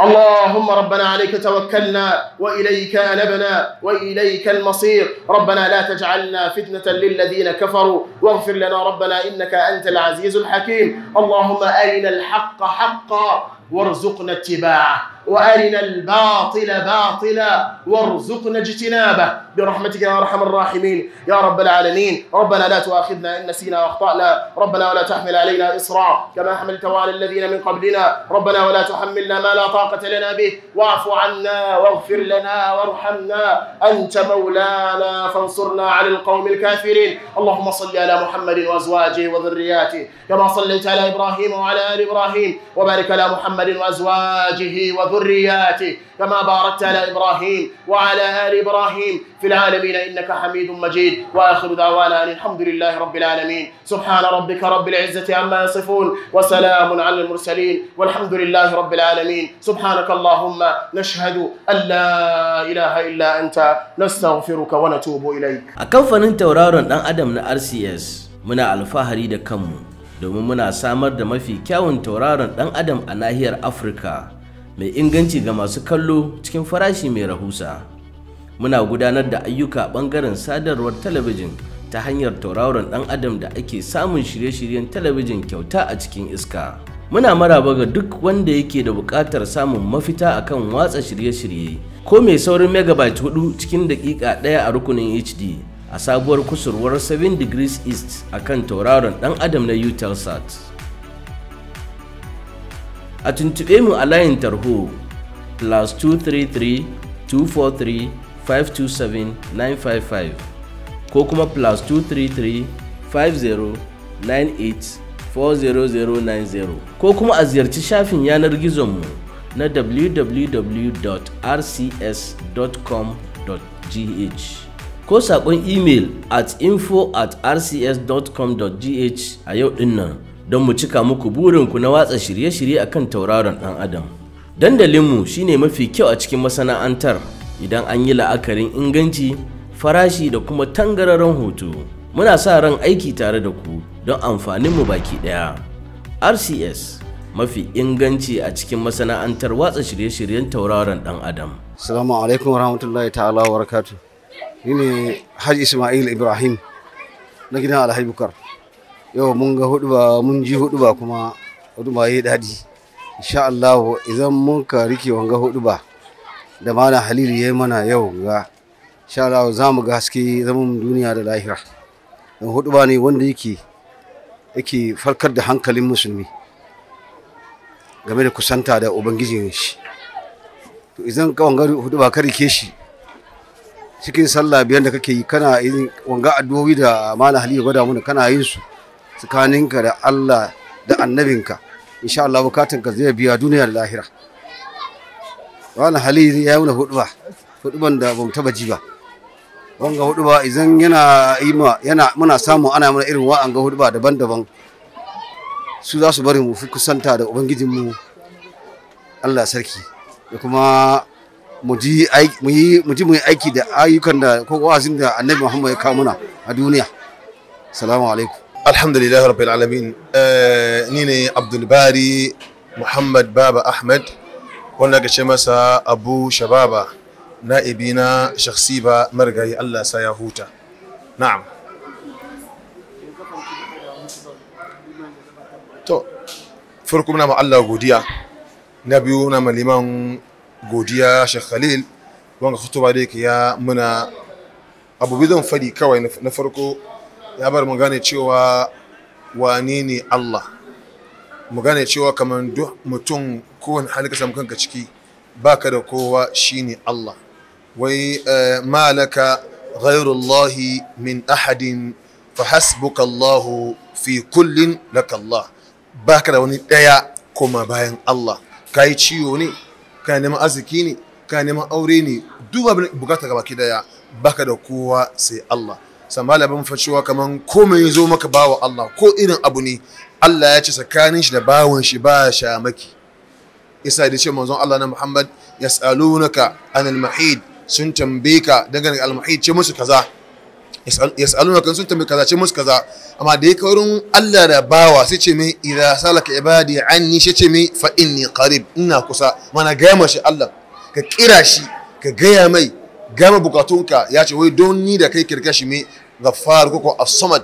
S2: اللهم ربنا عليك توكلنا وإليك أنبنا وإليك المصير ربنا لا تجعلنا فتنة للذين كفروا واغفر لنا ربنا إنك أنت العزيز الحكيم اللهم أرنا الحق حقا وارزقنا اتباعه وارنا الباطل باطلا وارزقنا اجتنابه برحمتك يا ارحم الراحمين يا رب العالمين ربنا لا تؤاخذنا ان نسينا واخطانا ربنا ولا تحمل علينا اصرا كما حملت على الذين من قبلنا ربنا ولا تحملنا ما لا طاقه لنا به واعف عنا واغفر لنا وارحمنا انت مولانا فانصرنا على القوم الكافرين اللهم صل على محمد وازواجه وذرياته كما صليت على ابراهيم وعلى ال ابراهيم وبارك على محمد محمد وأزواجه وذرياته كما باركت على إبراهيم وعلى آل إبراهيم في العالمين إنك حميد مجيد وآخر دعوانا أن الحمد لله رب العالمين سبحان ربك رب العزة عما يصفون وسلام على المرسلين والحمد لله رب العالمين سبحانك اللهم نشهد أن لا إله إلا أنت نستغفرك ونتوب إليك
S3: أكوفا أنت ورارا أدم na من muna alfahari da domin muna samar da mafi kyawun tauraron ɗan adam a nahiyar afirka mai inganci ga masu kallo cikin farashi mai rahusa muna gudanar da ayyuka bangaren sadarwar talabijin ta hanyar tauraron ɗan adam da ake samun shirye-shiryen talabijin kyauta a cikin iska muna maraba ga duk wanda yake da buƙatar samun mafita akan watsa shirye-shirye ko mai saurin megabyte 4 cikin daƙiƙa ɗaya a rukunin hd a sabuwar kusurwar 7 degrees east a kan tauraron dan adam na utelsat a tuntube mu a layin tarho plus 233 243 527 955 ko kuma plus 233 50 98 40090 ko kuma a ziyarci shafin yanar gizonmu na www.rcs.com.gh ko saƙon imel at info at rcs.com.gh a yau ɗin nan don mu cika muku burinku na watsa shirye-shirye a kan tauraron ɗan adam. Dandalinmu shine mafi kyau a cikin masana'antar idan an yi la'akarin inganci, farashi da kuma tangararren hoto. Muna sa ran aiki tare da ku don amfaninmu baki ɗaya. RCS mafi inganci a cikin masana'antar watsa shirye-shiryen tauraron ɗan adam.
S5: Assalamu alaikum warahmatullahi ta'ala wa barakatuh. ini Haji Ismail Ibrahim na gidan Alhaji Bukar yau mun ga huduba mun ji huduba kuma huduba yayi dadi insha Allah idan mun ka rike wanga huduba da mana halili yayi mana yau ga insha Allah za mu ga haske zaman duniya da lahira don huduba ne wanda yake yake farkar da hankalin musulmi game da kusanta da ubangijin shi to idan ka wanga huduba ka rike shi cikin sallah biyar da kake yi kana yin wanga addu'o'i da malam Halilu gwada mana kana yin su tsakaninka da Allah da annabinka insha Allah bukatunka zai biya duniya da lahira malam Halilu ya yi wani huduba huduban da bamu taba ji ba wanga huduba idan yana ima yana muna samu ana mana irin wa'anga huduba daban-daban su za su bari mu fi kusanta da ubangijinmu Allah sarki da kuma mu ji mu yi aiki da ayyukan da ko wa'azin da annabi Muhammad ya kawo muna a duniya Salamu alaikum alhamdulillah rabbil alamin
S6: eh, ni ne abdul bari muhammad baba ahmed wanda ga ce masa abu shababa na'ibi na shakhsi ba margayi allah sa ya huta na'am to farko na allah godiya na biyu na maliman godiya Sheikh Khalil wanga da yake ya muna abu zan fadi kawai na farko ya bar mu gane cewa wane Allah mu gane cewa kamar duk mutum kowane hali ka samu kanka ciki baka da kowa shine Allah wai eh, malaka ghairullahi min ahadin fa hasbuka fi kullin laka Allah baka da wani daya kuma bayan Allah kai ciwo ne Ka nema arziki ne ka nema aure ne duk abin bukata gaba ki daya baka da kowa sai Allah san ban fashewa kaman komai zo maka bawa Allah ko irin abu ne Allah ya ce tsakanin shi da bawan shi ba sha maki isa da ce manzon Allah na Muhammad yas'alunaka anil mahid sun tambaye ka dangane al mahid ce musu kaza yas'aluna kan sun tambi kaza ce musu kaza amma da ya kawarin Allah da bawa sai ce mai idza salaka ibadi anni sai ce mai fa inni qarib ina kusa mana gaya ma shi Allah ka kira shi ka gaya mai gama bukatunka ya ce wai don ni da kai kirka shi mai ghaffar ko as-samad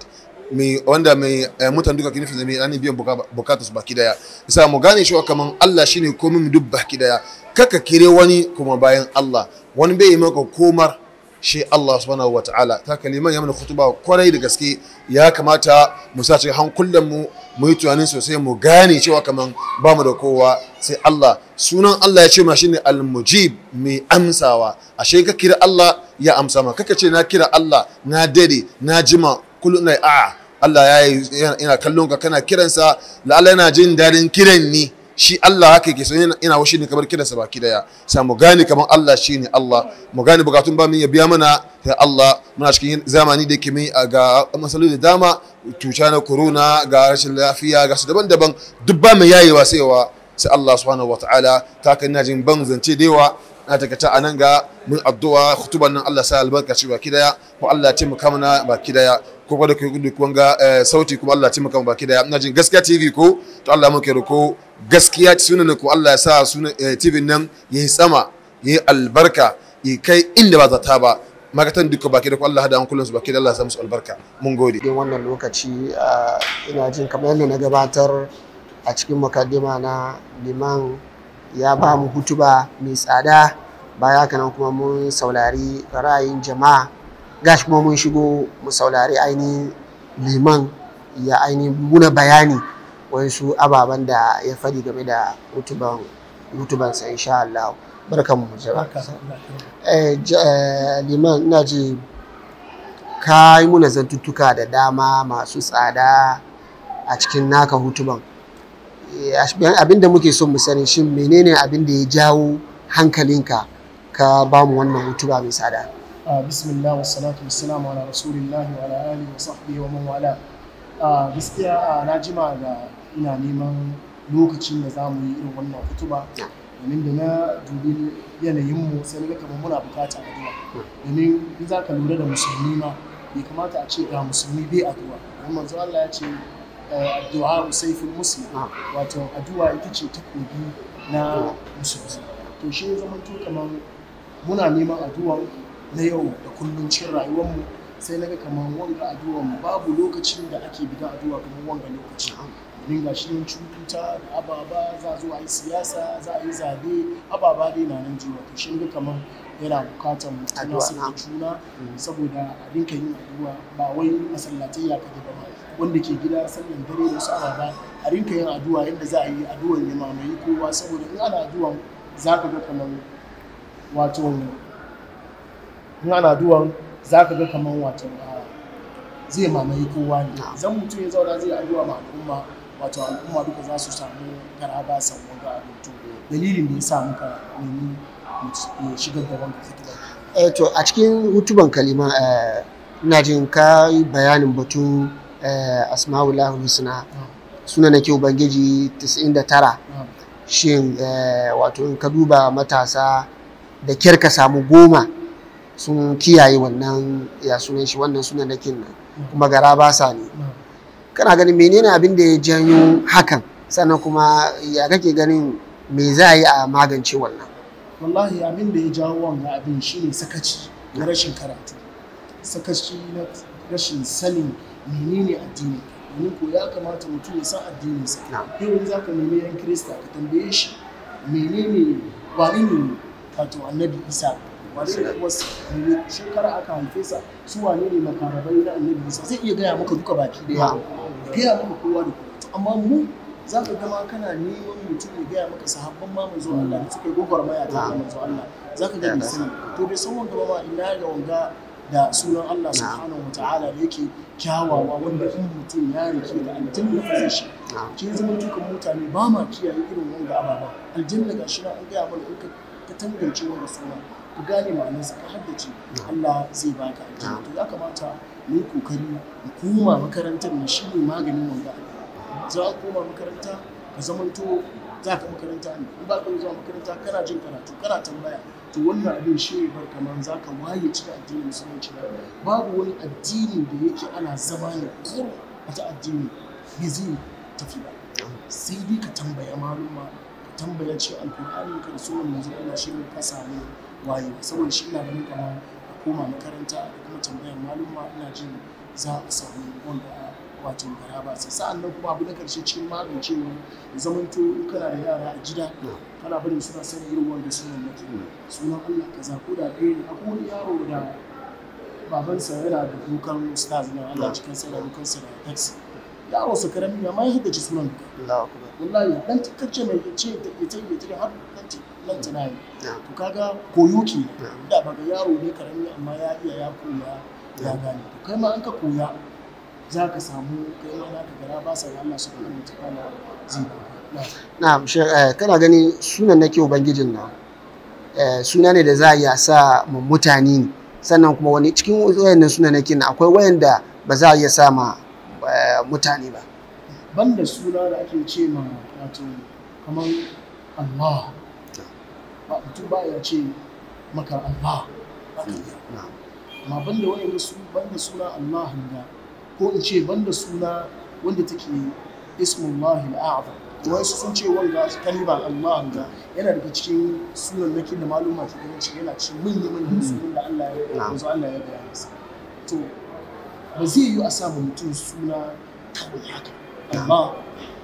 S6: mai wanda mai eh, mutan duka kinifin zai mai biyan bukatus baki daya isa mu gane shi kaman Allah shine komai mu duk baki daya kaka kire wani kuma bayan Allah wani bai yi maka komar shi Allah subhanahu wataala ta kaliman ya mana khutuba kwarai da gaske ya kamata mu sace hankulan mu mu yi tunanin sosai mu gane cewa kaman ba mu da kowa sai Allah sunan Allah ya ce ma shine al-mujib mai amsawa ashe ka kira Allah ya amsa ma kaka ce na kira Allah na dare na jima na a Allah ya ina kallon ka kana kiransa la'alla yana jin daɗin kiran ni shi Allah haka yake so ina wa ne kamar kiransa baki daya sa mu gane kamar Allah shine Allah mu gane bukatun ba mu ya biya mana ya Allah muna cikin zamani da kimi ga masaloli da dama cuta na corona ga rashin lafiya ga su daban-daban duk ba mu yayewa saiwa sai Allah subhanahu wataala ta kan ina jin ban zance da yawa na takata a nan ga mun addu'a khutuban nan Allah sai albarka shi baki daya ko Allah ya taimaka mana baki daya ko kuma da ku ga eh, sauti kuma Allah ya taimaka mu baki da ina jin gaskiya TV ko to Allah muke roko gaskiya sunan ku Allah ya sa sunan eh, TV nan yayi sama yayi albarka yi kai inda ba zata ba magatan duka baki da Allah da hankulansu baki da Allah ya sa musu albarka mun gode din wannan lokaci ah, ina jin kamar yadda na gabatar
S4: a cikin mukaddima na liman ya ba mu hutuba mai tsada baya kana kuma mun saurari ra'ayin jama'a gashi kuma mun shigo mu saurari ainihin liman ya ainihin muna bayani wasu ababen da ya fadi game da rutuban rutubansa insha Allah barkan mu eh, eh, liman ina ji ka yi muna zantuttuka da dama masu tsada a cikin naka hutuban eh, abin da muke son mu sani shin menene abin da ya jawo hankalinka ka ba mu wannan hutuba mai tsada
S2: bismillah wa salatu wa salamu ala rasulillahi wa ala wa sahbihi wa man wala gaskiya na jima da ina neman lokacin da za mu yi irin wannan kutuba domin da na dubi yanayinmu sai na ga kamar muna bukata addu'a domin in za ka lura da musulmi ma bai kamata a ce ga musulmi bai addu'a don manzo Allah ya ce addu'a usaifin muslim wato ita ce takobi na musulmi to shi ya zama kamar muna neman addu'a na yau da kullum cikin rayuwar mu sai na ga kamar wanga addu'a babu lokacin da ake bidan addu'a kamar wanga lokaci domin ga shi cututa da ababa za zo a yi siyasa za a yi zabe ababa dai na nan jiwa to shi ga kamar yana bukatar mutane su da juna saboda a dinka yin addu'a ba wai masallatai ya kaje ba wanda ke gida sallan dare da su ababa a rinka yin addu'a yadda za a yi addu'a ya mamaye kowa saboda in ana addu'a za ka ga kamar wato in ana duwan za ka ga kamar wato ah, zai mamaye kowa ne zan mutum ya zauna zai addu'a ma al'umma wato al'umma duka za su samu karaba samu ga abinci dalilin da ya sa muka nemi
S4: ya shigar da wanda eh to a cikin hutuban kalima eh, ina jin ka yi bayanin batu eh, asma'ullahi husna suna na kyau ubangiji 99 shin eh, wato in ka duba matasa da kyar ka samu goma sun kiyaye wannan ya sunan shi wannan sunan nakin nan kuma gara ba sa ne kana ganin menene abin da ya janyo hakan sannan kuma ya kake ganin me za a yi a magance wannan
S2: wallahi abin da ya jawo wannan abin ne sakaci na rashin karatu sakaci na rashin sanin menene addini domin ko ya kamata mutum ya san addininsa Yawan za ka nemi yan kirista ka tambaye shi menene wani ne wato annabi isa wasu wasu shekara aka haife sa su wane ne makarabai na annabi Musa zai iya gaya maka duka baki daya gaya maka kowa da kowa amma mu za ka gama kana neman mutum ya gaya maka sahabban ma manzo Allah da suka yi gwagwarmaya ta manzo Allah za ka gani sani to bai san wanga ba ina ga wanga da sunan Allah subhanahu wa ta'ala da yake kyawawa wanda in mutum ya rike da aljanna fa zai shi kin zama dukan mutane ba ma kiyaye irin wanga ababa aljanna gashi na an gaya mana in ka tangance wanga sunan ku gane ma'anarsa ka haddace Allah zai baka aljanna to ya kamata mu yi kokari mu koma makarantar mu shi ne maganin wanda za ka koma makaranta ka zamanto za ka makaranta ne in ba ka zuwa makaranta kana jin karatu kana tambaya to wannan abin shi ne barka man za ka waye cika addinin musulunci babu wani addini da yake ana zama ne ko a ta addini bai zai tafi ba sai dai ka tambaya malumma, ka tambaya ce alkur'ani ka da sunan yanzu, Allah shi ne ka samu wayewa saboda shi ina ganin kamar a koma makaranta da kuma tambayar maluma ina jin za a samu wanda wato garaba sai sa'an nan kuma abu na karshe cikin zaman to in kana da yara a gida kana barin suna san girman wanda sunan nake sunan Allah kaza ko da ɗaya ne akwai wani yaro da babansa yana da dukan stars na Allah cikin sai da dukan sa da taxi yaro su karami ya ya hidda ci sunan wallahi dan tikkace mai ce da ita ita har lecturer to kaga koyo ke da ba ga yaro ne karami amma ya iya ya koya ya gane kai ma an ka koya za ka samu kai ma naka gara ba sa Allah subhanahu wataala
S4: zai eh, kana gani sunan nake ubangijin nan eh, suna ne da za a sa mutane ne sannan kuma wani cikin wayannan suna nake akwai wayanda ba za a iya sa ma
S2: eh, mutane ba banda suna da ake ce ma wato kamar Allah mutum ba ya ce maka Allah amma banda wani su banda suna Allah da ko in ce banda suna wanda take ismullahi al'azam wasu sun ce wanga kalibar Allah ga yana daga cikin sunan nakin da maluma ke ganin shi yana cikin manyan manyan mm. sunan da Allah ya yanzu Allah ya gaya masa to ba zai yi a samu mutum suna kawai haka amma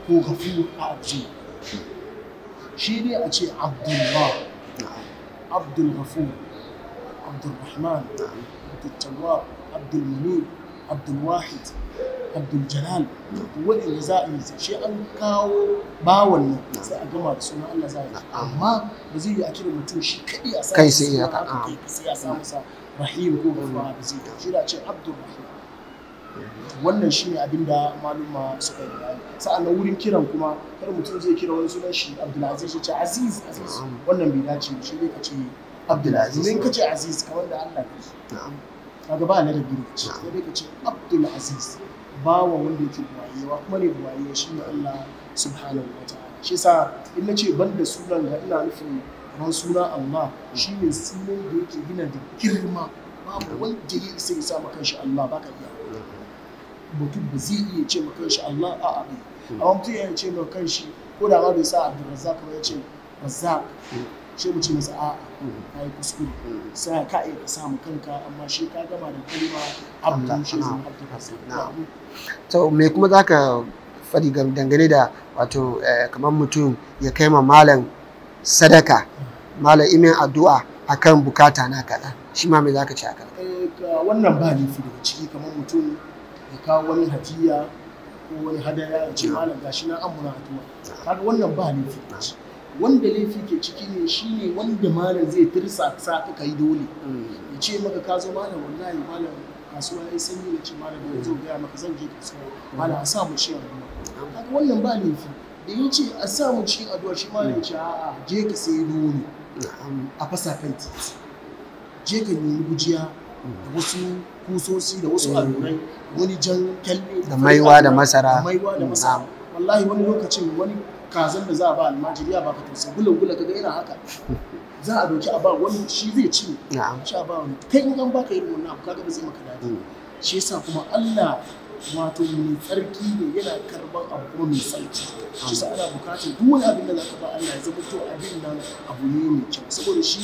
S2: ko gafu a abji shi ne a ce Abdullah نعم عبد الغفور عبد الرحمن نعم عبد التواب عبد المنيب عبد الواحد عبد الجلال waɗanda za a yi shi an kawo bawan nan sai a gama da sunan Allah za a yi amma ba zai yi a kira mutum shi kaɗai a sa kai sai ya ka kai sai ya sa masa rahim ko ba zai yi shi da ce abdul rahim wannan shine abin da maluma suka yi bayani sa'annan wurin kiran kuma kar mutum zai kira wani sunan shi Abdulaziz ce Aziz Aziz wannan bai dace shi ne ka ce Abdulaziz in kace Aziz kamar da Allah ka ce kaga ba na da biyu ce dai ka ce Abdulaziz bawa wanda yake buwayewa kuma ne buwayewa shi ne Allah subhanahu wa ta'ala shi yasa in na ce ban da sunan da ina nufin kamar suna Allah shi ne sunan da yake gina da girma babu wanda ya isa ya sa maka shi Allah baka iya mutum ba zai iya ce ma kanshi Allah a abu amma mutum yana ce ma kanshi ko da ma bai sa Abdulrazzaq ba ya ce Razzaq shi mu ce masa a'a ka yi kuskure sai ka iya ka samu kanka amma shi ka gama da kalma abdu shi zama Abdulrazzaq
S4: to me kuma zaka faɗi dangane da wato eh, kamar mutum ya kai ma malam sadaka malam imin addu'a akan bukata na kaɗan? shi ma me zaka ce akan
S2: eh, wannan ba fi daga ciki kamar mutum ya kawo wani hadiya ko wani hadaya ya ce malam gashi na an muna hatuwa kaga wannan ba laifi wanda laifi ke ciki ne shine wanda malam zai tirsa sa ka kai dole ya ce maka ka zo malam wallahi malam kasuwa ya sanyi ya ce malam ya zo gaya maka zan je kasuwa malam a sa mu ci addu'a kaga wannan ba laifi da ya ce a sa mu ci addu'a shi malam ya ce a'a je ka sai dole a fasa kan je ka nemi gujiya wasu kusosi da wasu allurai wani jan kyalle da maiwa da masara wallahi wani lokacin wani kazan da za a ba almajiri ya baka tausa gulan gula kaga yana haka za a doki a ba wani shi zai ci shi a ba wani baka irin wannan abu kaga ba zai maka daɗi mm. shi yasa kuma Allah wato mai tsarki ne yana karban abu mai tsarki shi sa ana bukatar duk wani abin da za ka ba Allah ya zama to abin nan abu ne mai kyau saboda shi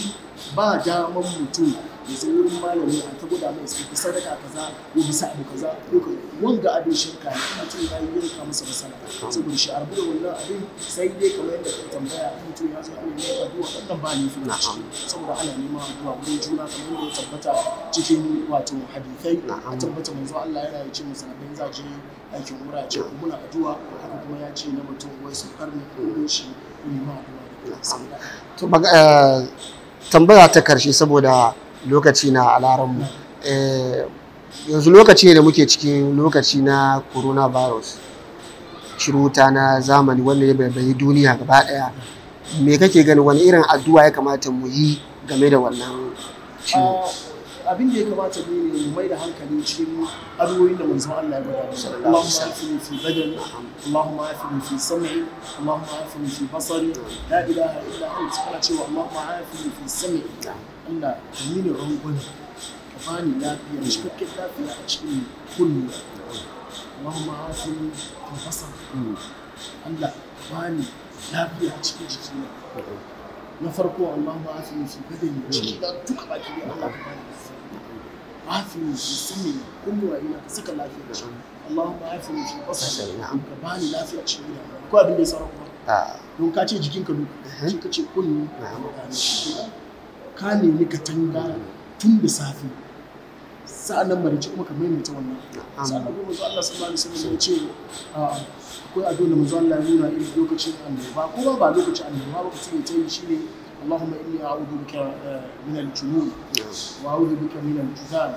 S2: ba daman mutum ya zo wurin malami a ta guda mai suka sadaka kaza ko bisa abu kaza ko wanda abin shirka ne kuma tun ya yi yanka masa masala saboda shi arbu da wannan abin sai dai kamar yadda ka tambaya mutum ya zo ana neman addu'a wannan ba ne fara ciki saboda ana neman addu'a wurin juna kamar yadda ya tabbata cikin wato hadithai a tabbata manzo Allah yana yi cin za zaje aikin wurace ko muna addu'a haka kuma ya ce na mutum wai su karni ko shi ne ma addu'a to eh,
S4: tambaya ta karshe saboda lokaci na alaranmu eh, yanzu lokaci ne da muke cikin lokaci na coronavirus shiruta na zamani wanda ya baibayi duniya gaba daya me kake gani wani irin addu'a ya kamata mu yi game da wannan
S2: ciwo oh, abin da ya kamata ne ne mu mai da hankali cikin addu'o'in da manzon Allah ya gwada mu Allahumma afini fi badani Allahumma afini fi sam'i Allahumma afini fi basari la ilaha illa anta kana cewa Allahumma afini fi sam'i Allah ka yi ne rangwani ka bani lafiya cikakken lafiya a cikin kullu Allahumma afini fi basar Allah ka bani lafiya a cikin jikina na farko Allahumma afini fi badani da duka baki Allah ka bani وعافني في سمي كل saka lafiya لا في اللهم عافني في بصري نعم كباني لا في أشياء ko abin da ya kuma. don ka ce jikinka duk shi mhm. ka ce kunni ka nemi ka tanga tun da safe sa'annan marici kuma ka maimaita wannan sa'annan kuma zuwa Allah sallallahu alaihi wasallam ce ah, akwai addu'a da Allah ya nuna irin lokacin annoba Kuma ba lokacin annoba ba mutum ya shi shine آه، آه، آه، اللهم إني أعوذ بك من الجنون وأعوذ بك من الجذام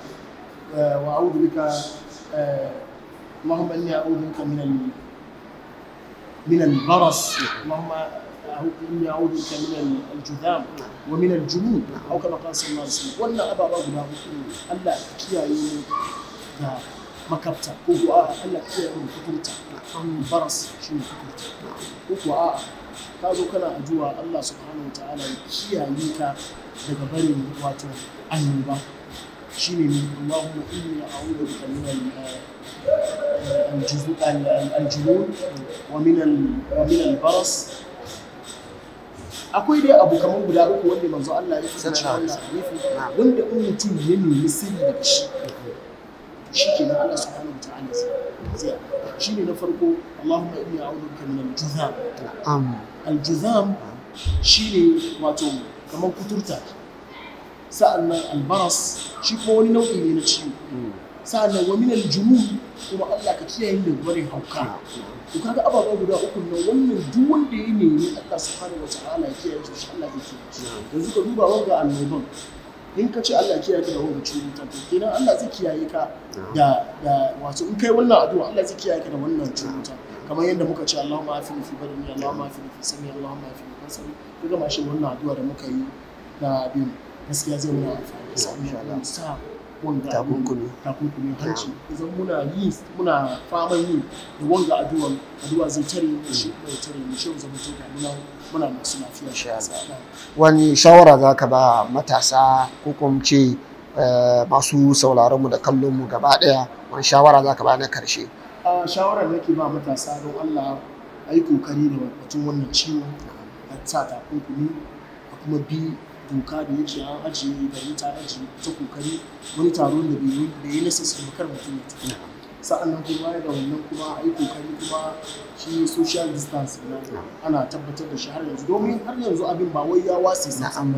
S2: وأعوذ بك اللهم إني أعوذ بك من من البرص اللهم إني أعوذ بك من الجذام ومن الجنون أو كما قال صلى الله عليه وسلم ولا أبا رجل ألا كيا مكبتا هو ألا كيا كترتا فمن برص شنو كترتا هو ka zo kana addu'a Allah subhanahu wa ta'ala ya kiyaye ka daga barin wato annoba shine ne Allahumma inni a'udhu bika min al eh, jubun wa min al-baras akwai dai abu kamar guda uku wanda manzo Allah ya kasance Allah ya wanda in mutum ya nemi sirri da shi shikenan Allah subhanahu wa ta'ala zai shine na farko Allahumma inni a'udhuka min al-juzam al-juzam shine wato kamar kuturta sa'annan al-baras shi ko wani nau'i ne na ciwo sa'annan wa min al-junun kuma Allah ka kiyaye da gwarin hauka to kaga ababa guda uku nan wannan duk wanda ya nemi Allah subhanahu wa ta'ala ya kiyaye shi Allah ya kiyaye yanzu ka duba wanga annoban in ka ce Allah kiyaye ka da wannan cutar to kenan Allah zai kiyaye ka da da wato in kai wannan addu'a Allah zai kiyaye ka da wannan cutar kamar yadda muka ce Allahumma afini fi badani Allahumma afini fi sami Allahumma ma fi sami ka ma shi wannan addu'a da muka yi da bin gaskiya zai mu amfani da Allah sa wanda takunkumi takunkumi hanci idan muna yi muna faman yi da wanga addu'a addu'a zai tare mu shi zai tare mu shi zai tare muna muna masu lafiya
S4: wani shawara za ka ba matasa ko kuma ce eh, masu sauraronmu da kallonmu gaba daya wani shawara za ka ba na karshe
S2: shawara da ke ba matasa don allah a yi kokari da batun wannan ciwo a ta takunkumi a kuma bi doka da yake an ajiye da ta ajiye ta kokari wani taron da bai yi nasa samakar mutum mutum sa'annan kuma ya ga wannan kuma a yi kokari kuma shi social distance ana tabbatar da shi har yanzu domin har yanzu abin ba wai ya wasi na'am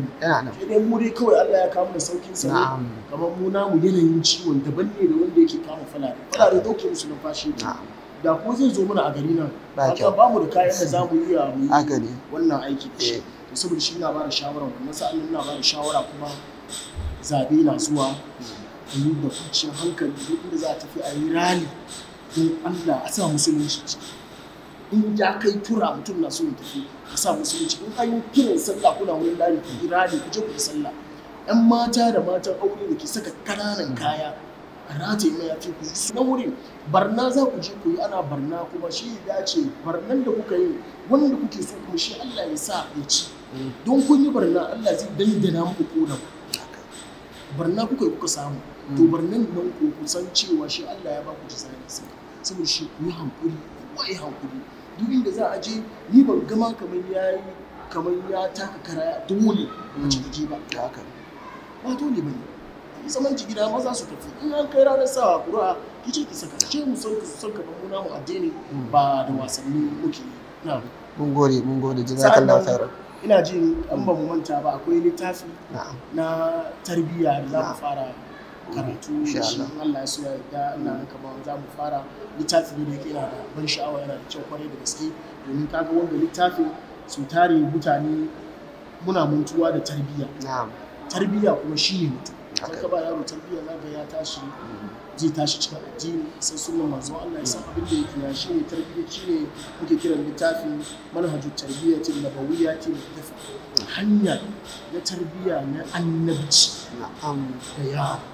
S2: sai dai mu dai kawai Allah ya kawo mu saukin sa na'am kamar mu namu yanayin ciwon daban ne da wanda yake kama fulani fulani dauke musu fashi na'am da ko zai zo mana a gari nan ba ba mu da kayan da zamu iya mu yi wannan aiki da shi eh. saboda shi na da shawara kuma sa'annan nan ba da shawara kuma zabe na zuwa hmm. yi da kwanciyar hankali duk inda za a tafi a yi rali don Allah a sa musulunci in ya kai tura mutum na so ya tafi a sa musulunci in an yi kiran sallah kuna wurin rali ku yi rali ku je ku sallah yan mata da matan aure da ke saka kananan kaya a rataye mai ya ku na wurin barna za ku je ku yi ana barna kuma shi ya dace barnan da kuka yi wanda kuke so kuma shi Allah ya sa ya ci don kun yi barna Allah zai dandana muku kodan barna kuka yi kuka samu to bar nan ko ku san cewa shi Allah ya ba ku jazani sai saboda shi ku hankuri ku yi hankuri duk inda za a je ni ban gama kamar yayi kamar ya taka kara dole a cikin ba da haka ba dole bane zaman gida maza su tafi in an kai ranar sawa kura ki ce ki saka ce mu san ku san ka ban mu addini hmm. ba da wasanni muke
S4: na mun gode mun gode jazakallahu khairan
S2: ina ji an ba mu manta ba akwai littafi na tarbiyya da za mu fara karatu shi Allah ya soya da Allah nan kaba za mu fara littafi ne da yake yana da ban sha'awa yana da kyau kwarai da gaske domin kaga wanda littafin su tare mutane muna mutuwa da tarbiyya tarbiyya kuma shi ne mutum kan ka yaro tarbiyya za ga ya tashi mm-hmm. zai tashi cikin addini sai sunan manzo Allah ya san abin da yake ya shi ne tarbiyya shi ne muke kiran littafin manhaju tarbiyya ce da ta ce da tafi mm. hanya na tarbiyya na annabci da yaro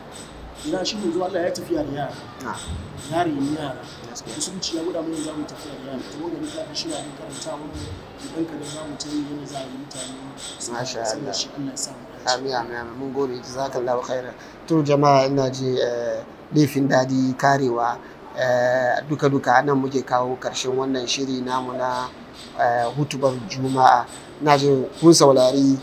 S2: na shi yanzu Allah ya tafiya da yara ah. yari ne yara sun ci ya guda mun zamu tafiya da yara kuma da muka shi yaran karanta mu idan ka da zamu ta yi yana mu mutane masha Allah shi Allah ya sa
S4: amin amin amin mun gode ki zaka Allah khairan to jama'a ina ji eh, laifin dadi karewa duka-duka eh, nan muke kawo karshen wannan shiri namu na eh, hutubar juma'a na jin kun saurari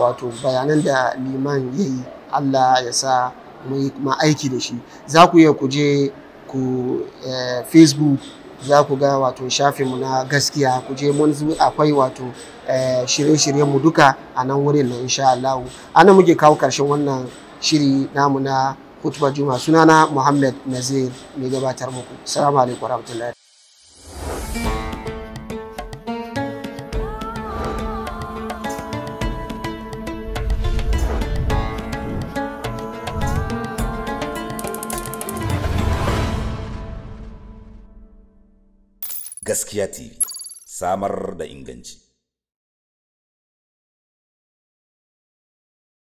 S4: wato bayanan da liman ya yi allah ya sa mu ma aiki da shi za ku iya kuje je ku eh, facebook za ku ga wato shafinmu na gaskiya kuje je mun akwai wato eh, shirye-shiryen mu duka a nan wurin na insha Allah ana muke kawo karshen wannan shiri namu na hutubar juma sunana Muhammad Nazir mai gabatar muku assalamu alaikum warahmatullahi
S3: Gaskiya TV, samar da inganci.